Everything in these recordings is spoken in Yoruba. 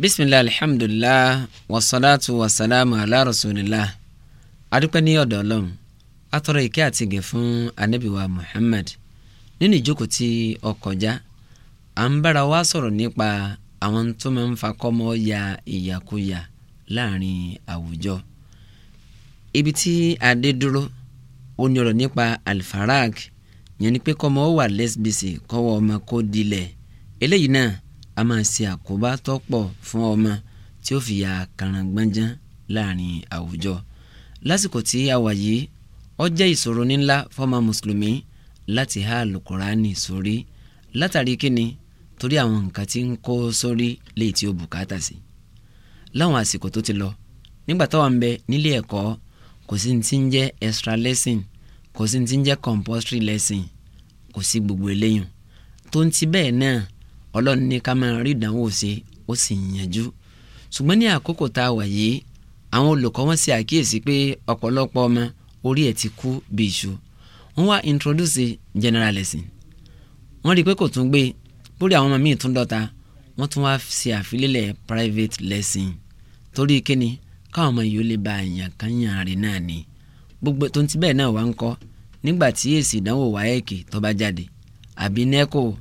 bisimilahi alihamdulilah wasalaatu wasalaamu ala rasulillah adúpẹ́ ní ọ̀dọ̀ Ọlọ́run atọrọ ìkẹ́ àti ìgẹ̀ fún anabiwa Muhammad nínú ìjókòó tí ó kọjá à ń bára wa sọ̀rọ̀ nípa àwọn tó máa ń fakọ́mọ́ ya ìyàkuyà láàrin àwùjọ ibi tí adé dúró ó ní ọ̀rọ̀ nípa alfarag yẹn ni pé kọ́mọ ó wà lẹ́sibísì kọ́wọ́ ọmọ kó dilẹ̀ eléyìí náà a máa ṣe àkóbá tó pọ̀ fún ọmọ tí ó fi ya kàràǹgbọ́nján láàrin àwùjọ lásìkò tí a wà yìí ó jẹ́ ìṣòro ńlá fọ́mọ mùsùlùmí láti há àlùkùránì sórí látàrí kíni torí àwọn nǹkan tí ń kó sórí léyìí tí ó bùkátà sí láwọn àsìkò tó ti lọ nígbà tó bẹ nílé ẹ̀kọ́ kò sí ti ń jẹ́ extra lesson kò sí ti ń jẹ́ compulsory lesson kò sí gbogbo eléyìn tó ń ti bẹ́ẹ̀ náà ọlọ́run ní ká máa rí ìdánwò ṣe ó sì yanjú ṣùgbọ́n ní àkókò tá a wà yìí àwọn olùkọ́ wọn ṣe àkíyèsí pé ọ̀pọ̀lọpọ̀ ọmọ orí ẹ̀ ti kú bí iṣu wọ́n wá introduce general lesson wọ́n rí i pé kò tún gbé bórí àwọn ọmọ míì tún dọ́ta wọ́n tún wá ṣe àfilélẹ̀ private lesson torí kíni káwọn ọmọ yìí ó lè ba àyàn kan yàn rè náà ni gbogbo tó ń ti bẹ́ẹ̀ náà wá ń kọ́ nígbà tí èsì ìdánwò wáyẹ̀kì tó bá jáde àbí nẹ́kọ̀ọ́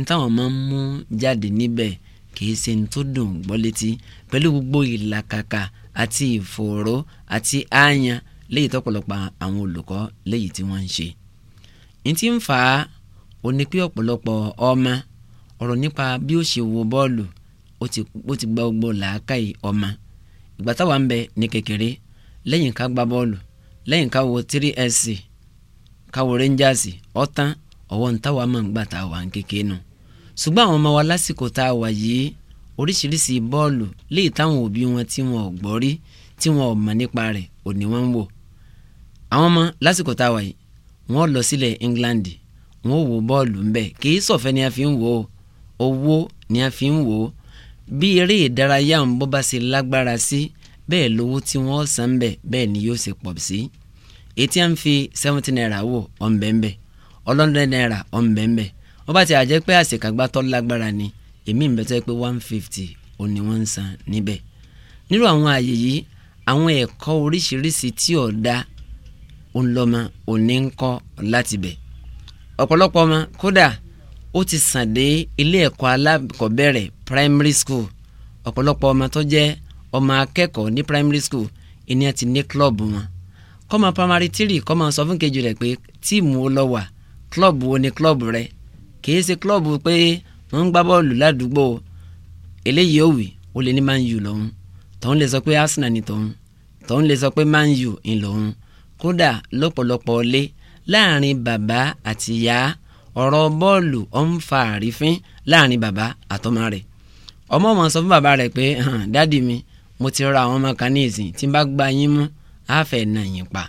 nítawọn máa ń mú jáde níbẹ̀ kìí ṣe ní tó dùn gbọ́ létí pẹ̀lú gbogbo ìlàkàkà àti ìfòòró àti àyàn léyìí tọ́pọ̀lọpọ̀ àwọn olùkọ́ léyìí tí wọ́n ń ṣe. ní ti ń fà á ó ní pé ọ̀pọ̀lọpọ̀ ọmọ ọ̀rọ̀ nípa bí ó ṣe wo bọ́ọ̀lù ó ti gba gbogbo làákàyè ọmọ ìgbà táwa ń bẹ ní kékeré lẹ́yìn ká gba bọ́ọ̀lù lẹ́yìn ká wo 3SC ká Rangers ọ̀tán ọ̀wọ́n táwa máa ń gbà táwa ń kékeré nù. No ṣùgbọ́n àwọn ọmọ wa lásìkò tá a wà yìí oríṣiríṣi bọ́ọ̀lù léyìí táwọn òbí wọn tí wọn ò gbọ́ rí tí wọn ò mọ̀ nípa rẹ̀ ò ní wọ́n ń wò àwọn ọmọ lásìkò tá a wà yìí wọ́n lọ sílẹ̀ England wọ́n wo bọ́ọ̀lù ńbẹ̀ kì í ṣọ̀fẹ́ ni a fi ń wò ó owó ni a fi ń wò ó bí eré ìdárayá ń bó bá ṣe lágbára sí bẹ́ẹ̀ lówó tí wọ́n san ń bẹ̀ bẹ́ẹ̀ ni yóò ṣe pọ̀ sí etí à ń fi seventy naira wò ọ̀nbẹ̀ńbẹ̀ ọlọ́dẹ naira ọ̀nbẹ̀ńbẹ̀ wọ́n bá ti àjẹ́ pé àṣekágbá tọ́ lágbára ni èmi ń bẹ́tẹ́ pé one fifty ò ní wọ́n ń san níbẹ̀ nírú àwọn àyè yìí àwọn ẹ̀kọ́ oríṣiríṣi tí ọ̀dà ńlọmọ òní ń kọ́ láti bẹ̀ ọ̀pọ̀lọpọ̀ ọmọ kódà ó ti sàn dé ilé ẹ̀kọ́ alákọ̀ọ́bẹ̀rẹ̀ primary school ọ̀pọ̀lọpọ̀ ọmọ tó jẹ́ ọmọ akẹ́kọ̀ọ́ ní primary school ìní àti ní klọ́ọ̀bù wọn kọ́mọ primary three kọ́mọ sọ fún kejì rẹ̀ pé tíìmù wo lọ wà klọ́ọ̀bù wo ni klọ́ọ̀bù rẹ̀ kìí ṣe klọ́ọ̀bù pé wọ́n ń gbá bọ́ọ̀lù ládùúgbò eléyìí ó wì ó lè ní man u lòun tòun lè sọ pé arsenal ni tòun tòun lè sọ pé man u ni lòun kódà lọ́pọ̀lọpọ̀ lé láàrin bàbá àti ìyá ọ̀rọ̀ bọ́ọ̀lù ó ń fa àrífín láàrin bàbá àtọmọ rẹ̀ ọmọ ọmọ sọ fún bàbá rẹ̀ pé dádì mi mo ti ra àwọn ọmọ kan ní ìsìn tí n bá gba yín mú àáfẹ́ nà yín pa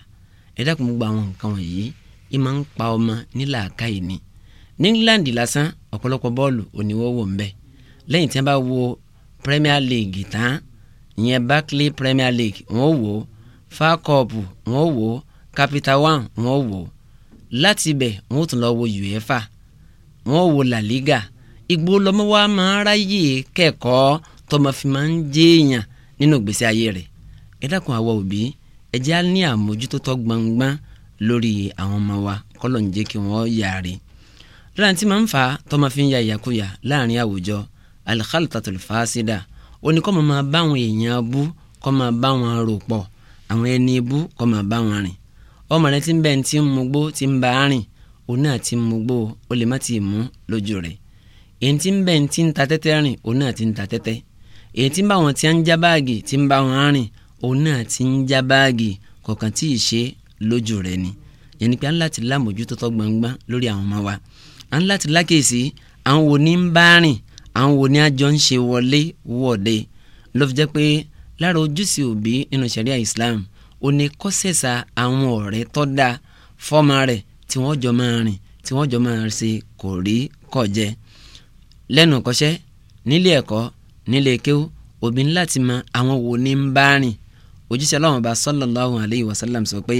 ẹ dákun gbogbo àwọn nǹkan wọ̀nyí ìmọ̀ ń pa ọmọ nílàákàyè ni. Laka, ní England lásán ọ̀pọ̀lọpọ̀ bọ́ọ̀lù òníwọ́wọ́ ń bẹ lẹ́yìn tí wọ́n bá wo Premier League tán ìyẹn Barclays Premier League wọ́n wò ó fa cup wọ́n wò ó Capital One wọ́n wò ó láti ibẹ̀ wọ́n tún lọ wo UEFA wọ́n wò La Liga igbó lọ́mọ wa máa ráyè kẹ́kọ̀ọ́ tọmọ fi máa ń jẹ́èyàn nínú ìgbésí ayé rẹ̀ ẹ dákun àwa òbí ẹ jẹ́ á ní àmójútó tó gbangban lórí àwọn ọmọ wa kọ́lọ̀ ń jẹ́ kí wọ́n yára lára tí máa ń fa tọ́mọ fi ń ya ìyàkuyà láàrin àwùjọ al-khaltatul fasida oníkọ́mọ máa báwọn èèyàn bú kọ́ máa báwọn rò pọ̀ àwọn ẹni bú kọ́ máa báwọn rìn ọmọ rẹ ti ń bẹ́ẹ̀ tí ń mugbó ti ń bá a rìn òun náà ti ń mugbó o lè má ti mú lójú rẹ̀ èyí tí ń bẹ́ẹ̀ tí ń ta tẹ́tẹ́ rìn òun náà ti ń ta tẹ́tẹ́ èyí tí ń bá wọn tí ń já báàgì tí ń bá wọn rìn òun náà ti ń já báàgì kọ̀ọ̀kan tí ì ṣe lójú rẹ̀ ni yẹn ni pé á láti lámòjútó tó lórí àwọn ọmọ wa à ń láti lákèsí àwọn wo ní ń bá rìn àwọn wo ní àjọ ń ṣe wọlé wọ̀de ló fi jẹ́ pé lára ojúṣe òbí nínú ṣẹ̀ríà Islam ò ní kọ́ sẹ̀sà àwọn ọ̀rẹ́ tó dáa fọ́mọ rẹ̀ tí wọ́n jọ máa rìn tí wọ́n jọ máa ṣe kò rí kọ̀ jẹ lẹ́nu kọ́ṣẹ́ nílé ẹ̀kọ́ nílé kéwú òbí ńlá ti mọ àwọn wo ní ń bá rìn òjíṣẹ́ Ọlọ́run bá sallallahu alayhi wa sallam sọ pé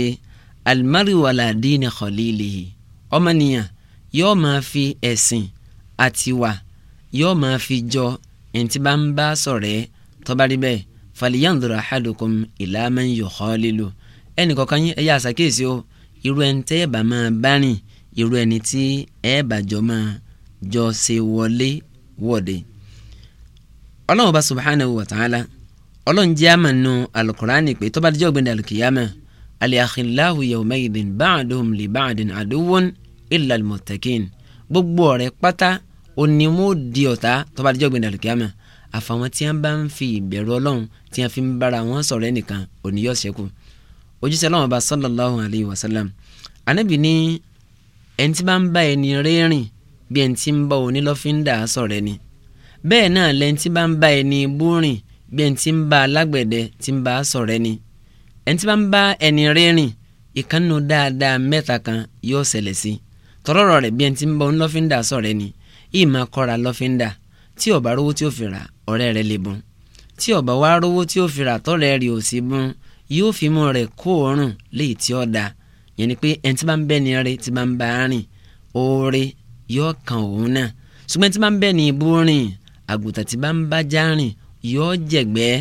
almaru wala dini khalilihi yóò máa fi ẹ̀sìn àtiwà yóò máa fi jọ ẹ̀ǹtí bá ń bá sọ̀rẹ́ tọ́ba rí bẹ́ẹ̀ fàlìyàndùrà àhàdùkùn ìlàmẹ́ yòókọ́ lílo ẹnì kọ̀ọ̀kan yín ẹ̀yà àṣàkíyèsí o irú ẹni tẹ́ ẹ̀ bá máa bá rìn irú ẹni tí ẹ̀ bá jọ máa jọ ṣe wọlé wọ̀de. ọlọ́run bá subhanahu wa ta'ala ọlọ́run jẹ́ àmà nù alukurani pé tọ́ba díjọ́ gbẹ̀dẹ̀ alukiyama aliakilahu yawmaidin ba'duhum li ba'din aduwwun illa al-muttaqin gbogbo ọ̀rẹ́ pátá òní wọn ò di ọ̀tá tó bá dijọ́ gbẹ̀dẹ̀ àlùkìyàmà àfàwọn tí wọn bá ń fi ìbẹ̀rù ọlọ́run tí wọn fi ń bára wọn sọ̀rọ̀ ẹnìkan òní yóò ṣẹ́kù ojúṣe ọlọ́run ọba sallallahu alayhi wa sallam anabi ní ẹni tí bá ń bá ẹni rẹ́rìn bí ẹni tí ń bá onílọ́fíńdà sọ̀rọ̀ ẹni bẹ́ẹ̀ náà lẹ́ni tí bá ń bá ẹni búrìn bí ẹni tí ń bá alágbẹ̀dẹ tí ń bá sọ̀rọ̀ ẹni ẹni tí bá ń bá ẹni rẹ́rìn ìkànnù dáadáa mẹ́ta kan yóò ṣẹlẹ̀ sí i tọ́lọ́rọ̀ rẹ̀ bí ẹni tí ń bọ́ ń lọ́fíńdà sọ̀rẹ́ ni yìí máa kọ́ra lọ́fíńdà tí ó bá rówó tí ó fi rà ọ̀rẹ́ rẹ̀ lè bùn tí ó wá rówó tí ó fi rà tọ́rẹ́ rẹ̀ ò sí bùn yóò fi mú rẹ̀ kó òórùn léyìí tí ó da yẹn ni pé ẹni tí bá ń bẹ́ ni rẹ̀ tí bá ń bá rìn oore yóò kan òun náà ṣùgbọ́n tí bá ń bẹ́ ni ibú rìn àgùntàn tí bá ń bá já rìn yóò jẹ̀gbẹ́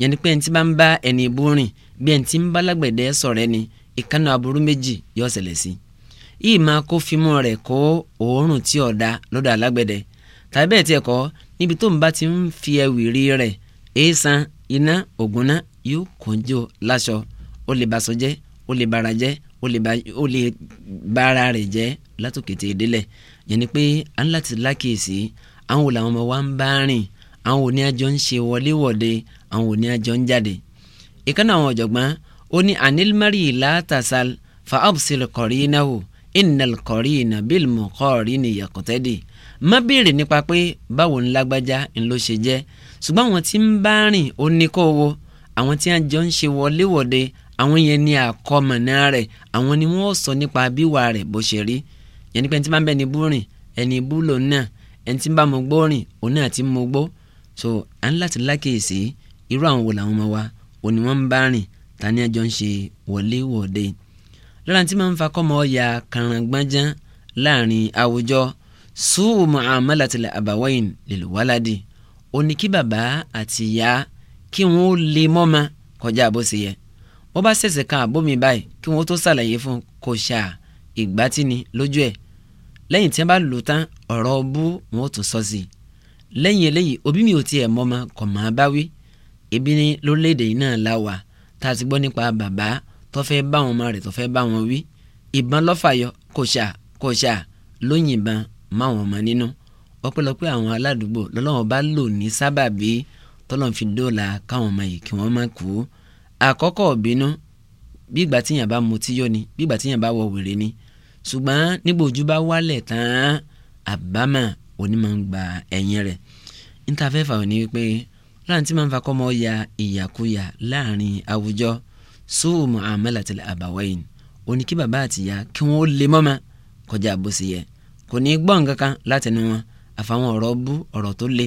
yẹn ni pé ẹni tí bá ń bá ẹni ibú rìn bí ẹni tí ń bá lágbẹ̀dẹ sọ̀rẹ́ ni ìkànnà aburú méjì yóò ṣẹlẹ̀ sí i yìí máa kó fimú rẹ̀ kó òórùn tí ọ̀dà lọ́dọ̀ alágbẹ̀dẹ tàbí bẹ́ẹ̀ tiẹ̀ kọ́ níbi tó ń bá ti ń fi ẹ̀wìrì rẹ̀ èèsàn iná ògúnná yóò kọjọ láṣọ ó lè bá aṣọ ó lè bara jẹ́ ó lè bara rẹ̀ jẹ́ látòkété délẹ̀ yẹn ni pé à ń láti lákèsí àwọn wo làwọn ọmọ wa ń bá rìn àwọn wo ni àjọ ń ṣe wọléwọ̀de àwọn wo ni àjọ ń jáde ìkànnì àwọn ọ̀jọ̀gbọ́n ó ní anil mari látàsal fa absil kọ̀rí náà innal qarina bil muqarini yaqtadi má béèrè nípa pé báwo ń lágbájá ń ló ṣe jẹ́ ṣùgbọ́n àwọn tí ń bá rìn ó ní kó wo àwọn tí a jọ ń ṣe wọléwọ̀de àwọn yẹn ni àkọmọ̀nà rẹ̀ àwọn ni wọ́n sọ nípa bíwà rẹ̀ bó ṣe rí yẹn ni pé ẹni tí bá ń bẹ ní bú rìn ẹni ibú lòun náà ẹni tí ń bá mo gbó rìn òun náà ti mo gbó so à ń láti lákèésí irú àwọn wo làwọn ọmọ wa òun ni wọ́n ń bá rìn ta ni ń ṣe wọléwọ̀de lára tí máa ń fa kọ́mọ ọ̀yà kàràǹgbáján láàrin àwùjọ sùúrù muamalatil abawain lil waladi ó ní kí bàbá àti ìyá kí wọ́n ó lè mọ́ma kọjá bó ṣe yẹ wọ́n bá ṣẹ̀ṣẹ̀ kan àbómi báyìí kí wọ́n tó ṣàlàyé fún kò ṣà ìgbátini lójú ẹ̀ lẹ́yìn tí wọ́n bá lò tán ọ̀rọ̀ bú wọn tún sọ sí i lẹ́yìn eléyìí òbí mi ò tiẹ̀ mọ́ma kọ̀ máa bá wí lórílẹ̀‐èdè yìí náà la tá a ti gbọ́ nípa bàbá tó fẹ́ bá wọn ọmọ rẹ̀ tó fẹ́ bá wọn wí ìbọn lọ́fàyọ kòṣà kòṣà ló yìnbọn máwọn ọmọ nínú ọpẹ́lọpẹ́ àwọn aládùúgbò lọ́lọ́wọ́n bá lò ní sábàbí tọ́lọ́n fi dóòlà káwọn ọmọ yìí kí wọ́n má kú àkọ́kọ́ bínú bí ìgbà tíyàn bá mutí yó ni bí ìgbà tíyàn bá wọ wèrè ni ṣùgbọ́n níbo ojú bá wálẹ̀ tán àbámà onímọ̀ ń gba ẹ̀yìn rẹ̀ níta fẹ́ fà wọ́n ni wípé láǹtí máa ń fakọ́ mọ́ ya ìyàkuyà láàrin àwùjọ sóò muamalatil abawain òní kí bàbá àtìyá kí wọ́n lè mọ́mà kọjá bó ṣe yẹ kò ní í gbọ́ nǹkan kan láti nu wọn àfàwọn ọ̀rọ̀ bú ọ̀rọ̀ tó le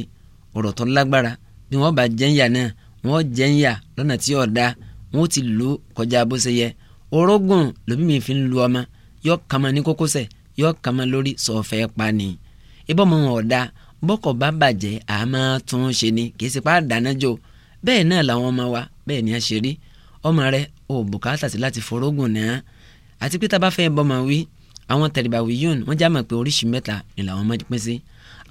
ọ̀rọ̀ tó lágbára bí wọ́n bá jẹ́ńyà náà wọ́n jẹ́ńyà lọ́nà tí ò dáa wọ́n ti lù kọjá bó ṣe yẹ orógùn lóbi mi fi ń lu ọmọ yọ kama ní kókósẹ̀ yọ kama lórí sọ̀fẹ́ pa ni ibà ọmọ wọn ọ̀dà bọ́kọ̀ bá bàjẹ́ àmọ́ tún ṣe ni kì í ṣe pa àdánájò bẹ́ẹ̀ náà làwọn ọmọ wa bẹ́ẹ̀ ni a ṣe rí ọmọ rẹ ò bùkátà sí láti forógùn náà àti pé tá a bá fẹ́ bọ́mọ wí àwọn tẹ̀lébàwí yóò wọ́n já mọ̀ pé oríṣi mẹ́ta ni làwọn máa pín sí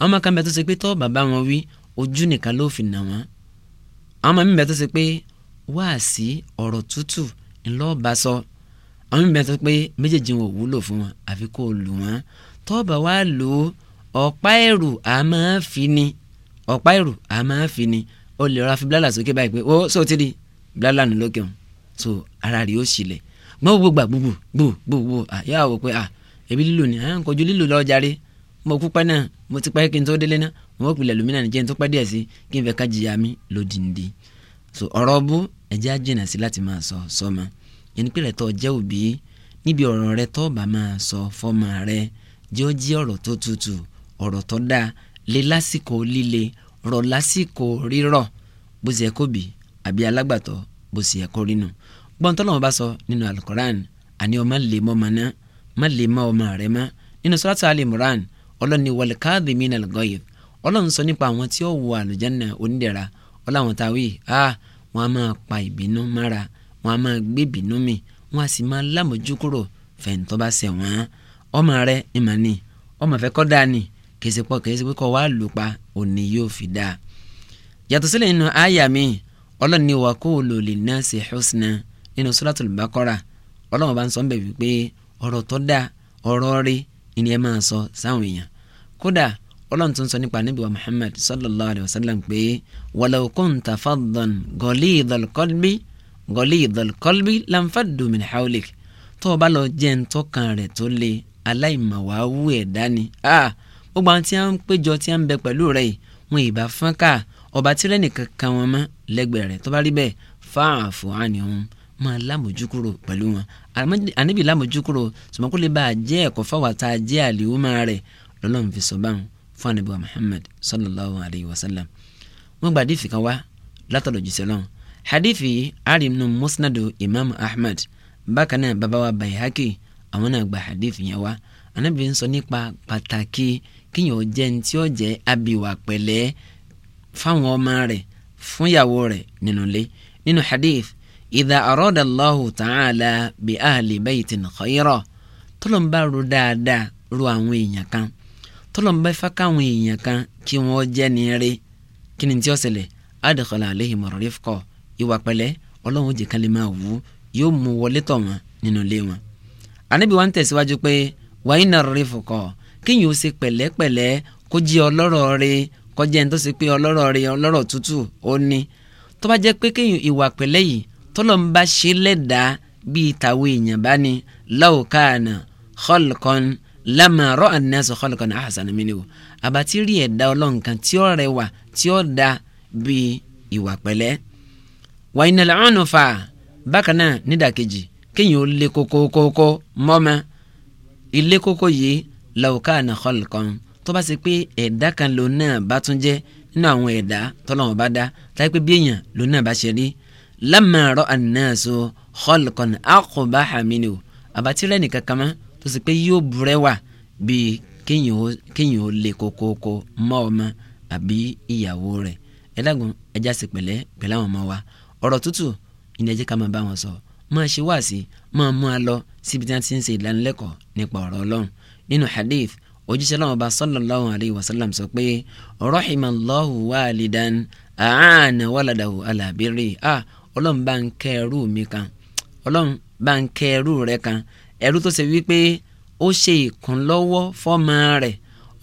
àwọn máa kàn bẹ́ẹ̀ tó ṣe pé tọ́ bàbá wọn wí ojú nìkan ló fi nà wọ́n àwọn máa mí bẹ́ẹ̀ tó ṣe pé wáàsí ọ̀rọ̀ tútù ńlọ́ọ̀bá sọ àwọn mímẹ́ tó pé méjèèjì wọn ò wúlò fún wọn àfi kó o lù wọ́n tọ́ọ̀bà wá lò ọ̀pá ẹ̀rù a máa ni ọ̀pá ẹ̀rù a máa ni blala ni lókè wọn so ara rẹ̀ ó ṣílẹ̀ gbọ́n gbogbo gbà gbogbo gbogbo àyà ah, wò pé à ah, ebi lílo ni à ah, ń kojú lílo lọ jàre mo kú pẹ́ náà mo ti pẹ́ kí n tó délé náà mo pilẹ̀ lómìnira nìjẹ́ n tó pẹ́ díẹ̀ sí kí n fẹ́ ká jìyà mi lódìndí so ọ̀rọ̀ bú ẹ̀jẹ̀ àjìnà sí láti máa sọ sọ́mọ ẹni pé rẹ̀ tó jẹ́ òbí níbi ọ̀rọ̀ rẹ̀ tó bá máa sọ fọ́mọ rẹ̀ jẹ́ ó jí ọ̀rọ̀ tó tutù ọ̀rọ̀ tó dáa lé lásìkò líle rọ̀ lásìkò rírọ̀ bó ṣe kó àbí alágbàtọ́ bó sì ẹ̀kọ́ rí nù gbọ́n tọ́lọ́wọ́n bá sọ nínú alukoran àní ọmọ lè mọ́ ọmọ náà má lè mọ́ ọmọ rẹ má nínú suratu alimuran ọlọ́ni wal kadhimina al-ghayz ọlọ́run sọ nípa àwọn tí ó wọ àlùjáná onídẹ̀ra ọláwọn táwí ah wọn a máa pa ìbínú mára wọn a máa gbé ìbínú mi wọn a sì máa lámójú kúrò fẹ̀ǹtọ́ bá ṣẹ̀ wọ́n ọmọ rẹ ìmọ̀ ni ọmọ fẹ́ kọ́ dáa ni kèsì pọ̀ kèsì pé kọ́ wàá lù pa òní yóò fi dáa yàtọ̀ sílẹ̀ nínú àyà mi ọlọ́run ní wa qulu linnasi husna nínú suratul Baqara ọlọ́run bá ń sọ ń bẹ̀ wípé ọ̀rọ̀ tó dáa ọ̀rọ̀ rí ni ẹ máa sọ sáwọn èèyàn kódà ọlọ́run tó ń sọ nípa níbi wa Muhammad sallallahu alayhi wa sallam pé walaw kunta faddan ghalidhal qalbi ghalidhal qalbi lanfaddu min hawlik tó o bá lọ jẹ́ ń tọ́kàn rẹ̀ tó le aláìmọ̀wáwú ẹ̀dá ni ah, gbogbo àwọn tí wọ́n ń péjọ tí wọ́n ń bẹ pẹ̀lú rẹ̀ yìí ì bá fọ́n ọba tí lẹ́nìkan kan wọn mọ́ lẹ́gbẹ̀ẹ́ rẹ̀ tó bá rí bẹ́ẹ̀ fáàfù àníhun máa lámójúkúrò pẹ̀lú wọn ànábì lámójúkúrò sọmọkú lè bá a jẹ́ ẹ̀kọ́ fáwọn tá a jẹ́ máa rẹ̀ lọ́lọ́run fi sọ báwọn fún ànábì wa Muhammad sallallahu alayhi wa sallam wọ́n gba àdìfì kan wá látọ̀dọ̀ jùsẹ̀ lọ́n àdìfì àrìmnu musnadu imam ahmad bákan náà bàbá wa bayhaki àwọn náà gba àdìfì yẹn wá ànábì ń sọ nípa pàtàkì kíyàn jẹ́ ní tí ó pẹ̀lẹ́ fáwọn ọmọ rẹ̀ fún ìyàwó rẹ̀ nínú ilé nínú hadith idha arada Allahu ta'ala bi ahli baytin khayra tọ́lọ́mbà ro dáadáa ro àwọn èèyàn kan tọ́lọ́mbà ifá káwọn èèyàn kan kí wọ́n jẹ́ ní rí kí ni tí ó ṣẹlẹ̀ adkhala alayhim rifqa ìwà pẹ̀lẹ́ ọlọ́run jẹ́ kálí wù yóò mú wọlé tọ̀ wọn nínú ilé wọn. ànábì wa ń tẹ̀síwájú pé wàá iná rifqa kíyìn ó ṣe pẹ̀lẹ́pẹ̀lẹ́ kó jí ọlọ́rọ̀ rẹ̀ kọjá ẹni tó ṣe pé ọlọ́rọ̀ rẹ ọlọ́rọ̀ tútù ó ní tó bá jẹ́ pé kéèyàn ìwà pẹ̀lẹ́ yìí tọ́lọ̀ ń bá ṣe lẹ́dàá bíi tàwọn èèyàn bá ní law kana khalqan lama ra'a an-nasu khalqan ahsana minhu àbátí rí ẹ̀dá ọlọ́nkan tí ó rẹwà tí ó da bíi ìwà pẹ̀lẹ́ wa innal 'unfa bákan náà nídàkejì kéèyàn ó lé kókókókó mọ́mọ́ ilé kókó yìí law kana khalqan tó bá ṣe pé ẹ̀dá kan lòun náà bá tún jẹ́ nínú àwọn ẹ̀dá tọ́lọ́wọ́n bá dá táyé pé bí èèyàn lòun náà bá ṣe rí lamma ra'a an-nasu khalqan aqbaha minhu àbátí rẹ̀ nìkan kan mọ́ tó ṣe pé yóò burẹ́wà bíi kéèyàn ó lè kókóókó mọ́ ọmọ àbí ìyàwó rẹ̀ ẹ̀dàgùn ẹja sì pẹ̀lẹ́ pẹ̀lẹ́ àwọn ọmọ wa ọ̀rọ̀ tútù ìní ẹjẹ́ ká máa bá wọn sọ máa ṣe wáàsí máa mú a lọ síbi tí wọ́n ti ń ṣe ìdánilẹ́kọ̀ọ́ nípa ọ̀rọ̀ Ọlọ́run nínú hadith òjíṣẹ́ náà ọba sallallahu alayhi wa sallam sọ pé rahimallahu walidan aana waladahu ala birri a ọlọ́run bá ń kẹ́ ẹrú mi kan ọlọ́run bá ń kẹ́ ẹrú rẹ kan ẹrú tó ṣe wípé ó ṣe ìkúnlọ́wọ́ fọ́mọ rẹ̀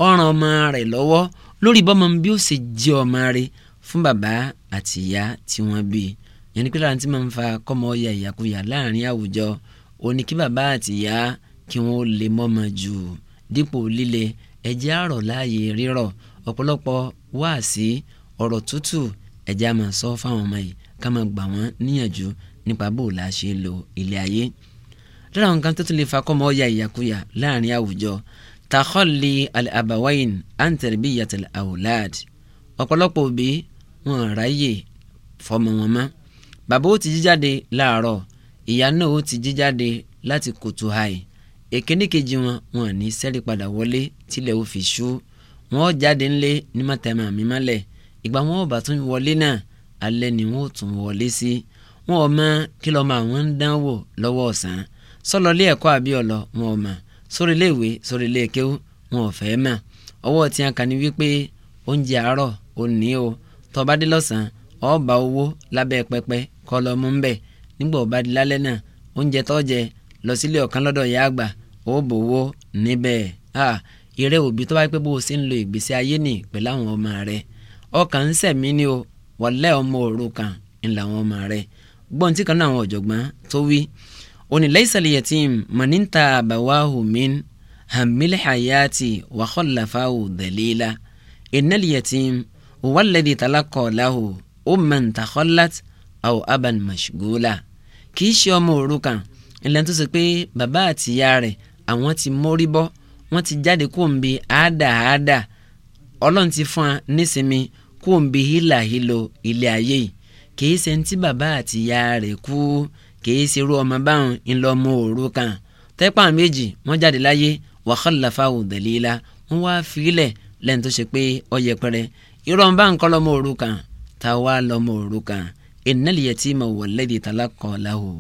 ó ràn ọmọ rẹ̀ lọ́wọ́ lórí bọ́mọ bí ó ṣe jẹ́ ọmọ rẹ̀ fún bàbá àti ìyá tí wọ́n bí yẹn ni pé lára máa ń fa kọ́mọ ọyà ìyàkuyà láàrin àwùjọ òní kí bàbá àti ìyá kí wọ́n lè mọ́mọ jù dípò líle ẹjẹ́ àrọ̀ láàyè rírọ̀ ọ̀pọ̀lọpọ̀ wáàsí ọ̀rọ̀ tútù ẹjẹ́ àmọ̀ sọ fáwọn ọmọ yìí ká máa gbà wọ́n níyànjú nípa bó la ṣe lo ilé ayé lára àwọn kan tó tún lè fa kọ́mọ ọ̀yà ìyàkuyà láàrin àwùjọ takọ́lì al-abawain antẹ̀rẹ̀bí yàtọ̀ àwòláàd ọ̀pọ̀lọpọ̀ òbí wọn ráyè fọmọ wọn mọ́ bàbá ó ti jíjáde láàárọ̀ ìyá náà ó ti jíjáde láti kòtò àì èkéní kejì wọn wọn ní sẹ́rí padà wọlé tilẹ̀ ó fi ṣú wọn ó jáde ńlé ní mọ́tẹ́mà mi mọ́lẹ̀ ìgbà wọn ò bá tún wọlé náà alẹ́ ni wọn ò tún wọlé sí wọn ò mọ kí lọ́ọ́ máa wọn ń dánwò lọ́wọ́ ọ̀sán sọlọ ilé ẹ̀kọ́ àbí wọn ò mọ sórí ilé ìwé sórí ilé kéwú wọn ò fẹ́ mọ̀ ọwọ́ tí a kà wípé oúnjẹ àárọ̀ ò ní o tó bá dé lọ́sàn-án ó bá owó lábẹ́ pẹpẹ lọ sílé ọ̀kan lọ́dọ̀ ìyá àgbà ó bòwó níbẹ̀ ìrẹ́ òbí tó bá pẹ́ bó o sì ń lo ìgbésí ayé nì pẹ̀lú àwọn ọmọ rẹ ọkàn ń sẹ̀mí ni o wọlé ọmọ òrukàn ń làwọn ọmọ rẹ gbọ́n tí kan náà àwọn ọ̀jọ̀gbọ́n tó wí òní laisal yatim mọ̀nìntà àbáwáhù min hàmílẹ̀ hayati wàhọ́láfáwù dẹ̀líla innal yatim wàlẹ́dì talakọ̀ láhù umman takhallat aw aban mashgula kì í ṣe ọmọ òrukàn ńlẹ́ tó ṣe pé bàbá àtìyá rẹ̀ àwọn ti mórí bọ́ wọ́n ti jáde kó ń bi àádáàádáà ọlọ́run ti fún wa nísinmi kó ń bi hílàhílo ilé ayé yìí kìí ṣe ntí bàbá àtìyá rẹ̀ kú kìí ṣe irú ọmọ báwọn ńlọmọ òru kan tẹ́pà méjì wọ́n jáde láyé wàhálàfà òdèlélá wọ́n wá fílẹ̀ lẹ́yìn tó ṣe pé ó yẹpẹrẹ irú ọmọ báwọn kọ́ lọ́mọ òru kan táwa lọ́mọ òru kan ìnálìyẹ tí mo wọ̀ lẹ́dí tálákọ̀ọ́ láhùn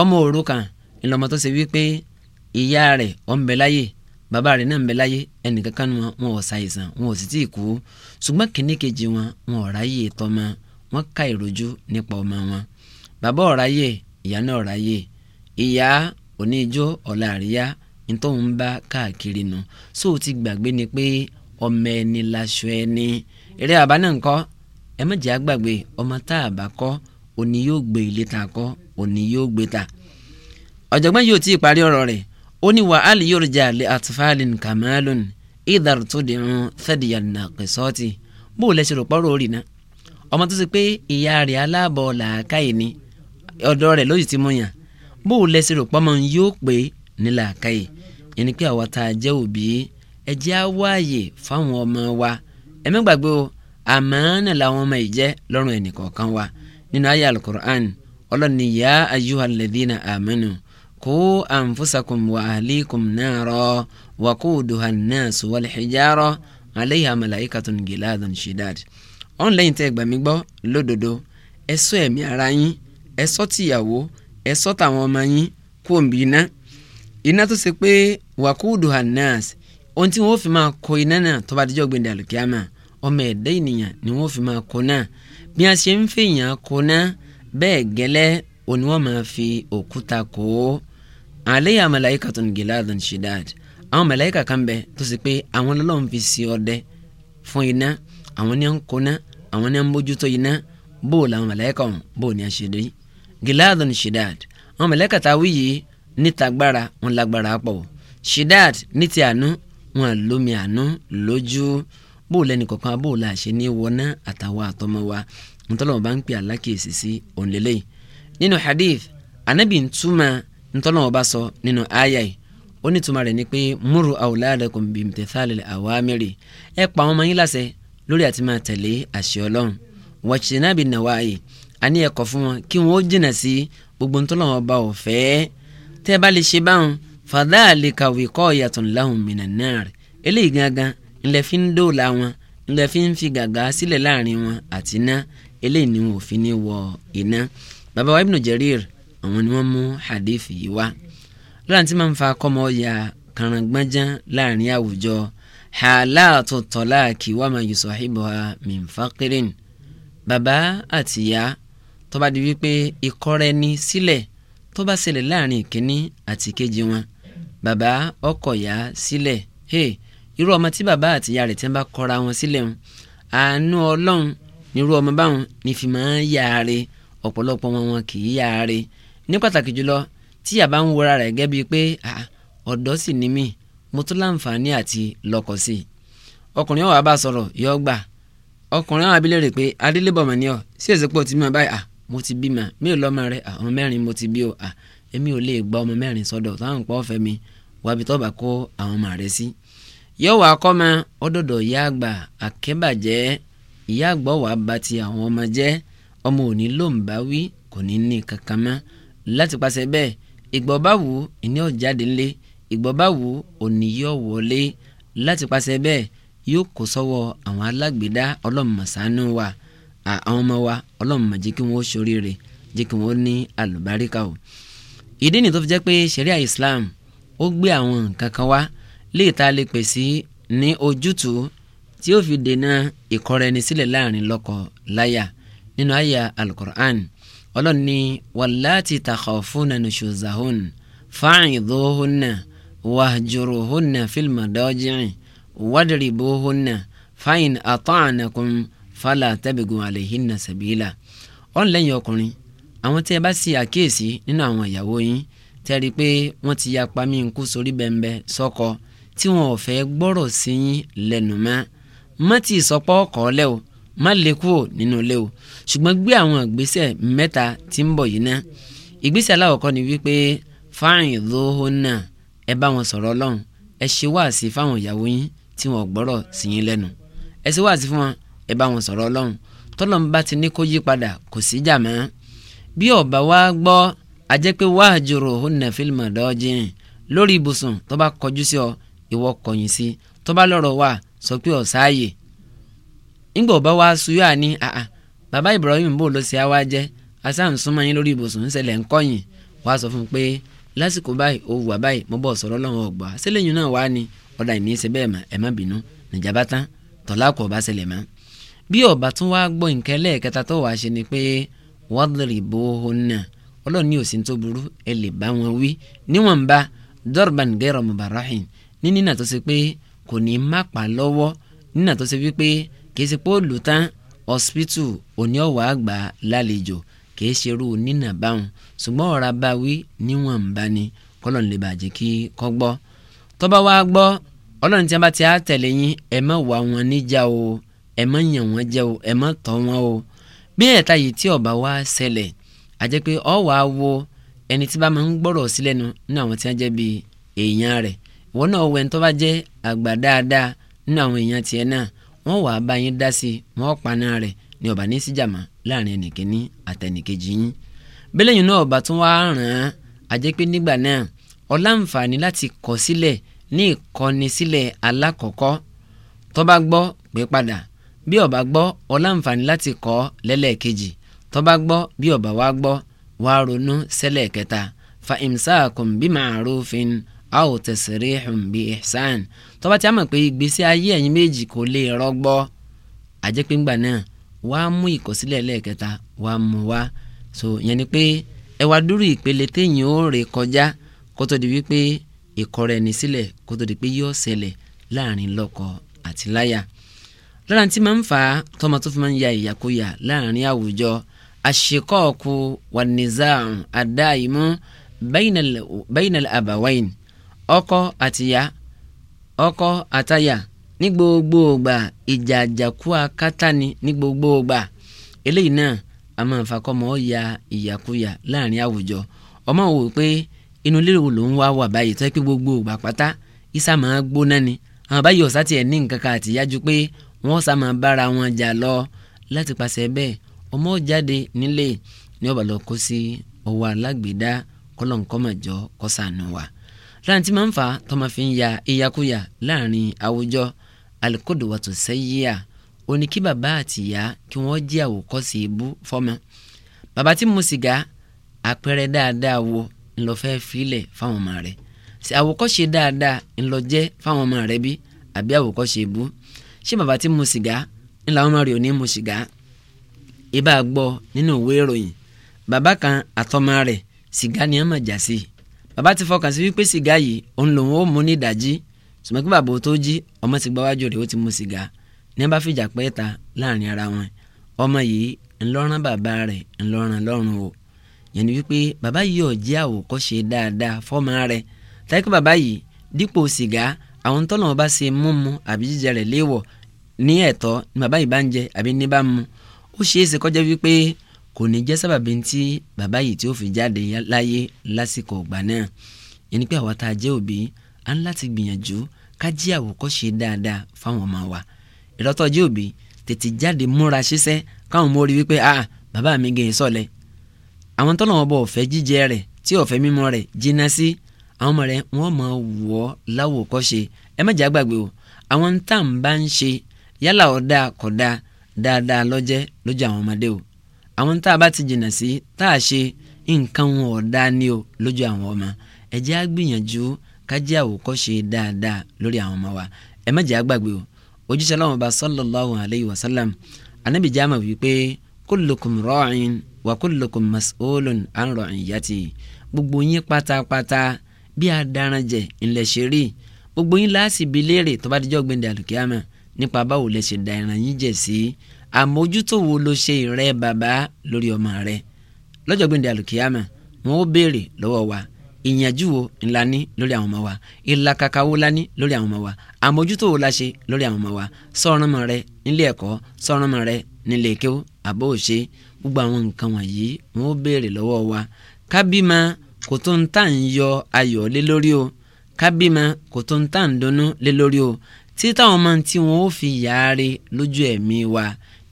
ọmọ òrukàn ńlọmọ tó ṣe wípé ìyá rẹ̀ ó ń bẹ láyé bàbá rẹ̀ náà ń bẹ láyé ẹnìkankan wọn wọn ò ṣàìsàn wọn ò sì tí ì kú ṣùgbọ́n kìíní kejì wọn wọn ò ráyè tọ́mọ wọn ká ìrojú nípa ọmọ wọn bàbá ò ìyá náà ò ìyá òní ọ̀la àríyá nítòun bá káàkiri nù só ti gbàgbé ni pé ọmọ ẹni laṣọ ẹni eré àbá náà ń kọ́ ẹ má jẹ́ àgbàgbé ọmọ tá kọ́ òní yóò gbé ilé ta kọ́ òní yóò gbé ta ọ̀jọ̀gbọ́n yóò tí ì parí ọ̀rọ̀ rẹ̀ ó ní wà á lè yóò jà lé àtúfáàlìn kàmáàlùn ìdàr tó di run fẹ́díyà nà kẹsọ́ọ̀tì bó o lẹ́sẹ̀ rò pọ́rọ̀ òrì náà ọmọ tó ti pé ìyá rẹ̀ aláàbọ̀ làákàyè ni ọ̀dọ́ rẹ̀ lóyìí ti mú yàn bó o lẹ́sẹ̀ rò pọ́mọ yóò pé ní làákàyè yẹn ni pé àwa tá jẹ́ òbí ẹ á wáàyè fáwọn ọmọ wa ẹ mẹ́gbàgbé o àmọ́ náà làwọn ọmọ yìí nínú ayé alukur'an ọlọ́run ní yá ayyuhal ladhina amanu qu anfusakum wa ahlikum nara wa quduha an-nasu wal hijara alayha malaikatun giladun shidad ọ̀n lẹ́yìn tẹ́ gbà mí gbọ́ lódodo ẹ ṣọ́ ẹ̀mí ara yín ẹ ṣọ́ tìyàwó ẹ ṣọ́ ọmọ yín kú òǹbí iná iná tó ṣe pé wàkúùdù hanas ohun tí wọn fi máa kó iná náà tó bá dijọ́ gbẹ̀dẹ̀ àlùkìyàmà ọmọ ẹ̀dá ènìyàn ni wọn fi máa kó náà bí a ṣe ń fèèyàn kóná bẹ́ẹ̀ gẹ́lẹ́ òní wọ́n máa fi òkúta kó àléyà màláíkà tó ń gèlè àdùn ṣìdáàd àwọn màláíkà kan bẹ tó sì pé àwọn lọ́lọ́run fi sí ọdẹ fún iná àwọn ní à ń kóná àwọn ní à ń bójútó iná bóò làwọn màláíkà ọ̀hún bóò ní a ṣe dé gèlè àdùn ṣìdáàd àwọn màláíkà tá a wí yìí níta gbára wọn lágbára pọ̀ ṣìdáàd ní ti àánú wọn lómi àánú lójú bó o lẹ́nu kọ̀ọ̀kan bó o la ṣe ní wọná àtàwọn àtọmọ wa ntọ́lọ́wọ́ bá ń pè alákèésí sí òǹlẹ́lẹ́yìn nínú hadith anabi ntuma ntọ́lọ́wọ́ bá sọ nínú aya yìí ó ní tuma rẹ̀ ni pé múru awladakum bimtithali awamiri ẹ pa àwọn ọmọ yín láṣẹ lórí àti máa tẹ̀lé àṣẹ ọlọ́run wajtinabi nawahi àní ẹ kọ̀ fún wọn kí wọn ó jìnà sí gbogbo ntọ́lọ́wọ́ bá ò ńlẹ̀ fi ń dóòlà wọn ńlẹ̀ fi ń fi gàgà sílẹ̀ láàrin wọn àti iná eléyìí ni wọn ò fi ní wọ iná bàbá wa Ibn Jarir àwọn ni wọ́n mú hadith yìí wá lọ́la tí máa ń fa kọ́mọ ya kàrangbájá láàrin àwùjọ hàlàtò tọ́láàkì wà máa yùsọ̀ ìbọ̀ha mìfàkìrín bàbá àtìyá tó bá di wípé ìkọ̀rẹ́ ni sílẹ̀ tó bá ṣẹlẹ̀ láàrin ìkíní àti kejì wọn bàbá ọkọ̀ yá sílẹ̀ hey, irú ọmọ tí bàbá àti ìyá rẹ̀ ti ń bá kọra wọn sílẹ̀ ń àánú ọlọ́run nírú ọmọ báwọn ní fi máa ń yáre ọ̀pọ̀lọpọ̀ wọn wọn kì í yáre ní pàtàkì jùlọ tí yàbá ń wọra rẹ̀ gẹ́bí pé ọ̀dọ́ sì ni mí mo tún láǹfààní àti lọ́kọ̀ sí i ọkùnrin ọ̀wá bá sọ̀rọ̀ yọ gbà ọkùnrin àwọn abilé rẹ̀ pé adélébọ̀mọ̀ ni ọ sí èsèpọ̀ tí mo bá yà mo ti bímọ mi ò lọ́mọ rẹ àwọn mẹ́rin mo ti bí o èmi ò lè gba ọmọ mẹ́rin sọ́dọ̀ táwọn ń pọ́ fẹ́ mi wàbí tó bá kó àwọn ọmọ rẹ sí. Si yóò wá kọ́mọ ọdọ̀dọ̀ ìyá àgbà àkẹ́bàjẹ́ ìyá àgbà wà bá ti àwọn ọmọ jẹ́ ọmọ òní ló ń bá wí kò ní ní kankan mọ́ láti pàṣẹ bẹ́ẹ̀ ìgbọ́ bá wù ìní ọ̀jáde ńlẹ̀ ìgbọ́ bá wù òní yóò wọlé láti pàṣẹ bẹ́ẹ̀ yóò kó sọ́wọ́ àwọn alágbèédá ọlọ́mọ̀sánú wa àwọn ọmọ wa ọlọ́mọ jẹ́ kí wọ́n ṣoríire jẹ́ kí wọ́n ní àlùbáríkà o ìdí ni fi jẹ́ pé ṣẹ̀ríà Islam ó gbé àwọn nǹkan kan wá lè ta lè pè sí ní ojútùú tí ó fi dènà ìkọrẹ ẹni sílẹ̀ láàrin lọ́kọ láya nínú àyà alukur'an ọlọ́run ní wàláàtì takhafuna nushuzahun fa'idhuhunna wahjuruhunna fil madaji'i wadribuhunna fa'in ata'anakum fala tabigu alayhinna sabila ọ̀nlẹ́yìn ọkùnrin àwọn tí ẹ bá sì àkíyèsí nínú àwọn ìyàwó yín tẹ́rí pé wọ́n ti yapa mí nkú sórí bẹ́ńbẹ́ sọ́kọ so tí wọn ò fẹ́ gbọ́rọ̀ sí yín lẹ́nu mọ́ má ti ìsọpọ̀ ọkọ̀ lẹ́ o má lè kúrò nínú ilé o ṣùgbọ́n gbé àwọn ìgbésẹ̀ mẹ́ta tí ń bọ̀ yìí ná ìgbésẹ̀ aláwọ̀kọ́ ni wípé fáàrin lóhó náà ẹ bá wọn sọ̀rọ̀ ọlọ́run ẹ ṣe wáàsí fáwọn ìyàwó yín tí wọn ò gbọ́rọ̀ sí yín lẹ́nu ẹ ṣe wáàsí fún wọn ẹ bá wọn sọ̀rọ̀ ọlọ́run tọ́lọ́n bá ti ní kó yí padà kò sí jà mọ́ bí ọba wa gbọ́ ajẹ́ pé wàá jòrò òhun náà fílmù dọ́ọ́jìn lórí ibùsùn tó bá kọjú sí ọ ìwọ kọ̀yìn sí tó bá lọ́rọ̀ wà sọ pé ọ̀sáàyè ńgbà ọba wa suyọ́ àní àà bàbá Ibrahim bò ló ṣe á wá jẹ́ asáǹsúnmọ́ yín lórí ibùsùn ńṣẹlẹ̀ ńkọ́yìn wàá sọ fún un pé lásìkò báyìí ó wà báyìí mo bọ̀ sọ̀rọ̀ lọ́wọ́ ọ̀gbà sẹ́lẹ̀yìn náà wá ní ọ̀dà ìmí ṣe bẹ́ẹ̀ mà ẹ̀ má bínú nìjàmbá tán tọ̀lá kò bá ṣẹlẹ̀ mọ́. bí ọba tún wá gbọ́ nǹkan lẹ́ẹ̀kẹta tó wàá ṣe ni pé wọ́dìrì bó o nà ọlọ́run òsín tó burú ẹ lè bá wọn wí níwọ̀nba dorban gẹ́rọ mubarahin ní nínà tó ṣe pé kò ní má pa lọ́wọ́ nínà tó ṣe wípé kì ṣe pé olùtán hospital òní ọ̀wà àgbà lálejò kì í ṣerú nínà báwọn ṣùgbọ́n ọ̀rá bá wí níwọ̀n ń bá ni kọ́lọ̀ ń lè bàjẹ́ kí kọ́ gbọ́ tọ́ba wa gbọ́ ọlọ́run tí a bá ti á tẹ̀lé yín ẹ má wà wọn níjà o ẹ má yàn wọn jẹ o ẹ má tọ́ wọn o bí ẹ̀ta yìí tí ọba wa ṣẹlẹ̀ àjẹ́ pé ọ wàá wo ẹni tí bá máa ń gbọ́rọ̀ sí lẹ́nu ní àwọn tí wọ́n jẹ́ bíi èèyàn rẹ̀ wọn náà wẹ̀ ń tó bá jẹ́ àgbà dáadáa nínú àwọn èèyàn tiẹ̀ náà wọ́n wàá bá yín dá sí i wọ́n paná rẹ̀ ní ọ̀bà ní síjàmá láàrin ẹnìkíní àtẹnìkejì yín bẹ́lẹ́yìn náà ọ̀bà tún wáá ràn án àjẹ́ pé nígbà náà ọláǹfààní láti kọ̀ sílẹ̀ ní ìkọ́ni sílẹ̀ alákọ̀ọ́kọ́ tó bá gbọ́ pé padà bí ọ̀bà gbọ́ ọláǹfààní láti kọ́ lẹ́lẹ́ẹ̀kejì tó bá gbọ́ bí ọ̀bà wá gbọ́ wàá ronú sẹ́lẹ̀ kẹta fa imsakun bi ma'rufin a ò tasrihun bi ihsan tó bá ti á mọ̀ pé ìgbésí ayé ẹ̀yin méjì kò lè rọgbọ àjẹpéngbà náà wá mú ìkọsílẹ̀ lẹ́ẹ̀kẹta wá mú wá so yẹn ni pé ẹ wá dúró ìpele téèyàn ó rè kọjá kó tó di wípé ìkọrẹ ní sílẹ̀ kó tó di pé yóò ṣẹlẹ̀ láàrin lọ́kọ àti láya lára tí máa ń fà á tó fi máa ń ya ìyàkuyà láàrin àwùjọ àṣekọ́ọ̀kù wà nìzáàrùn àdáyìmú bainal abawain ọkọ àtìyá ọkọ àtayà ní gbogbo ògbà ìjà àjàkú akátá ni ní gbogbo ògbà eléyìí náà a máa fa kọ́ ọmọ ọ ya ìyàkuyà láàrin àwùjọ ọmọ wò pé inú lílo ló ń wá wà báyìí tó yẹ pé gbogbo ògbà pátá isa máa gbóná ni àwọn báyìí ọ̀sá tiẹ̀ ní nǹkan kan àtìyájú pé wọ́n sá máa bára wọn jà lọ láti pàṣẹ bẹ́ẹ̀ ọmọ jáde nílé ni ọba lọ kó sí ọwọ́ alágbèédá kọ́lọ́nkọ́mọ̀jọ́ kọ́sàánú wa láti máa ń fa tọmọ fi ń ya ìyakuya láàrin àwùjọ alikodowatò sẹ́yíà ó ní kí bàbá àtìyá kí wọ́n jẹ́ àwòkọ́ṣe ibú fọ́mọ bàbá tí mu sìgá àpẹẹrẹ dáadáa wo ńlọ fẹ́ filẹ̀ fáwọn ọmọ rẹ̀ ṣe àwòkọ́ṣe dáadáa ńlọ jẹ́ fáwọn ọmọ rẹ̀ bí àbí àwòkọ́ṣe ibú ṣé bàbá tí mu sìgá ńlá ọmọ rẹ̀ ò ní mu sìgá ibà gbọ́ nínú ìwé ìròyìn bàbá kan àtọmọ rẹ̀ sìgá ni wọ́n jà sí i bàbá ti fọkàn sí wípé sìgá yìí òun lòun ó mú ní ìdájí ṣùgbọ́n kí bàbá ó tó jí ọmọ ti gbáwájú rẹ̀ ó ti mú sìgá ní bá fìjà pẹ́ ta láàrin ara wọn ọmọ yìí ńlọ́rán bàbá rẹ̀ ńlọ́rán lọ́rùn o yẹn ni wípé bàbá yìí ó àwòkọ́ṣe dáadáa fọ́mọ rẹ̀ táyé kí bàbá yìí dípò sìgá àwọn tọ́nà ọba ṣe múmu àbí jíjẹ rẹ̀ léèwọ̀ ní ẹ̀tọ́ ni bàbá yìí bá ń jẹ àbí ní bá mu ó ṣeé ṣe kọjá wípé kò ní jẹ́ sábàbí tí bàbá yìí tí ó fi jáde láyé lásìkò ọgbà náà yẹnni pé àwa tá a jẹ́ òbí á ń láti gbìyànjú ká jí àwòkọ́ṣe dáadáa fáwọn ọmọ wa ìrọ́tọ́ jẹ́ òbí tètè jáde múra ṣiṣẹ́ káwọn ọmọ rí wípé ah bàbá mi gẹ̀ ẹ́ sọ̀lẹ̀ àwọn tọ́nà wọn bọ̀ ọ̀fẹ́ jíjẹ rẹ̀ tí ọ̀fẹ́ mímọ́ rẹ̀ jìnnà sí àwọn ọmọ rẹ̀ wọ́n máa wọ̀ láwòkọ́ṣe ẹ má jà o àwọn tá ń ṣe yálà ọ̀dà kọ̀dà dáadáa lọ́jẹ́ lójú àwọn ọmọdé o àwọn tá a bá ti jìnnà sí tá a ṣe nǹkan wọn ò dá ní o lójú àwọn ọmọ ẹ jẹ́ á gbìyànjú ká jẹ́ àwòkọ́ṣe dáadáa lórí àwọn ọmọ wa ẹ má jẹ́ á o ojúṣe aláwọn ọba sallallahu alayhi wa sallam anabi jama wípé kullukum ra'in wa kullukum mas'ulun an ra'iyati gbogbo yín pátápátá bí adaranjẹ ńlẹ̀ ṣe rí gbogbo yín láàsì bi léèrè tó bá dijọ́ gbẹ̀ndẹ̀ àlùkìyàmà nípa báwo lẹ ṣe da ẹran yín jẹ sí àmójútó wo ló ṣe ìrẹ́ bàbá lórí ọmọ rẹ lọ́jọ́ gbẹ̀ndẹ̀ àlùkìyàmà wọn ó béèrè lọ́wọ́ wa ìyànjú wo ńlá ní lórí àwọn ọmọ wa ìlàkàkà wo la ní lórí àwọn ọmọ wa àmójútó wo la ṣe lórí àwọn ọmọ wa sọ̀rọ̀mọ rẹ nílé ẹ̀kọ́ sọ̀rọ̀mọ rẹ nílé kéwú àbó òṣè gbogbo àwọn nǹkan wọ̀nyí wọn ó béèrè lọ́wọ́ wa kábímà kò tó ń tà ń yọ ayọ̀ lé lórí o kábímà kò tó ń tà ń dunnú lé lórí o títà ọmọ tí wọn ó fi yáa rí lójú ẹ̀mí wa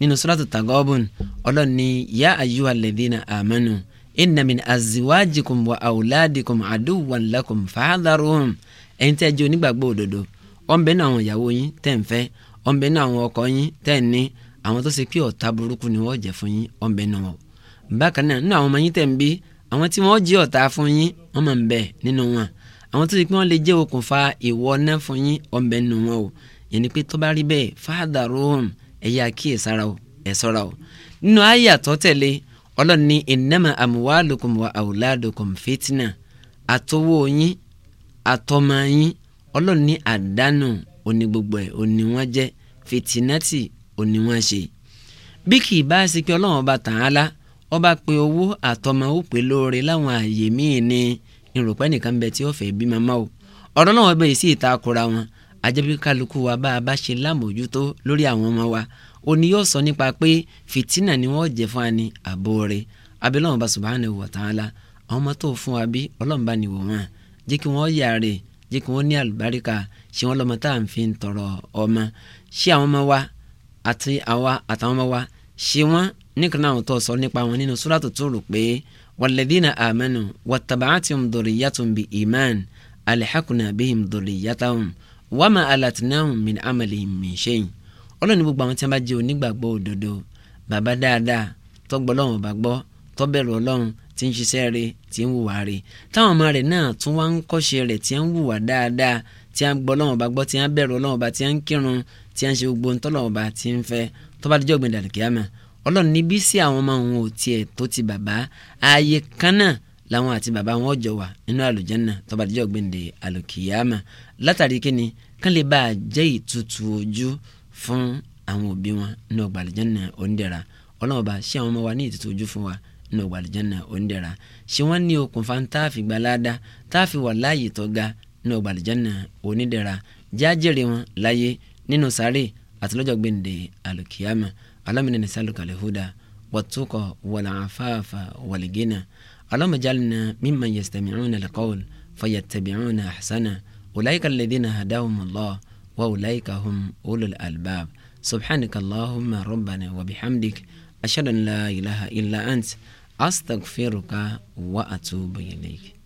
nínú suratu Taghabun ọlọ́run ní yá ayyuhal ladhina amanu inna min azwajikum wa awladikum aduwwan lakum fahdharuhum ẹ̀yin tẹ́ jẹ́ onígbàgbọ́ òdodo ọ̀nbẹ́ náà àwọn ìyàwó yín tẹ́ ń fẹ́ ọ̀nbẹ́ náà àwọn ọkọ yín tẹ́ ń ní àwọn tó ṣe pé ọ̀tá burúkú ni wọ́n jẹ́ fún yín ọ̀nbẹ́ náà wọ̀ bákan náà nínú àwọn ọmọ yín tẹ̀ ń bí àwọn tí wọ́n jẹ́ ọ̀tá fún yín wọ́n máa ń bẹ nínú wọn àwọn tó ṣe pé wọ́n lè jẹ́ okùnfà ìwọ náà fún yín ọ̀nbẹ́ nínú wọn o yẹn ni pé tó bá rí bẹ́ẹ̀ fáadà rohùn ẹ yá kíyèsára o ẹ ṣọ́ra o nínú àyà tó tẹ̀lé ọlọ́run ní innama amwalukum wa auladukum fitna àtọwọ́ yín àtọmọ yín ọlọ́run ní àdánù òní gbogbo ẹ̀ òní wọ́n jẹ́ fìtínátì òní wọ́n ṣe bí kì í bá a sì pé ọlọ́run ọba tààlà ọba pé owó àtọmọ ó pè lóore láwọn àyè míì ní ìròpẹ́ nìkan bẹ tí ó fẹ́ bí màmá o ọ̀rọ̀ náà wọ́n bẹ̀rẹ̀ sí ìta kura wọn ajẹ́bí kálukú wa bá a bá ṣe lámòjútó lórí àwọn ọmọ wa òní yóò sọ nípa pé fìtínà ni wọ́n jẹ́ fún wa ní àbò rẹ̀ abẹ́lẹ́ wọn bá subhanahu wa ta'ala àwọn ọmọ tó fún wa bí ọlọ́run bá nìwò wọn jẹ́ kí wọ́n yà rè jẹ́ kí wọ́n ní àlùbáríkà ṣé wọ́n lọ́mọ tá à ń fi ń tọrọ ọmọ ṣé àwọn ọmọ wa àti àwa àtàwọn ọmọ wa ṣé wọ́n nìkan náà tó sọ nípa wọn nínú súrà tó tóòrò pé walladhina amanu wattaba'athum dhurriyyatuhum bi iman alhaqna bihim dhurriyyatahum wàmà alatinahun min amali min shay'in ọlọ́ni gbogbo àwọn tí wọ́n bá jẹ́ onígbàgbọ́ òdodo bàbá dáadáa tọ́gbọ́ lọ́wọ́ bá gbọ́ tọ́bẹ̀rù ọlọ́run tí ń ṣiṣẹ́ rẹ̀ tí ń wùwà rẹ̀ táwọn ọmọ rẹ̀ náà tún wá ń kọ́ṣe rẹ̀ tí ń wùwà dáadáa tí ń gbọ́ lọ́wọ́ gbọ́ tí ń bẹ̀rù ọlọ́run bá tí ń kírun tí ń ṣe gbogbo ntọ́lọ́wọ́ bá tí ń fẹ́ làwọn àti bàbá wọn jọ wà nínú àlùjànnà tó bá dijọ́ gbèǹde àlùkìyàmà látàrí kíni kán lè bá a jẹ́ ìtutù ojú fún àwọn òbí wọn nínú ọgbà àlùjànnà òǹdẹ̀ra ọlọ́wọ́n bá ṣé àwọn ọmọ wa ní ìtutù ojú fún wa nínú ọgbà àlùjànnà òǹdẹ̀ra ṣé wọ́n ní okùnfà táàfì gbalada táàfì wà láàyè tó ga nínú ọgbà àlùjànnà onídẹ̀ra jájèrè wọn láyé nínú sáré àti lọ́jọ́ gbèǹde àlùkìyàmà alámìnira sálùkàlẹ̀ húdà wàtúkọ̀ wàlàáfáàfà wàlìgínà اللهم اجعلنا ممن يستمعون القول فيتبعون أحسنه أولئك الذين هداهم الله وأولئك هم أولو الألباب سبحانك اللهم ربنا وبحمدك أشهد أن لا إله إلا أنت أستغفرك وأتوب إليك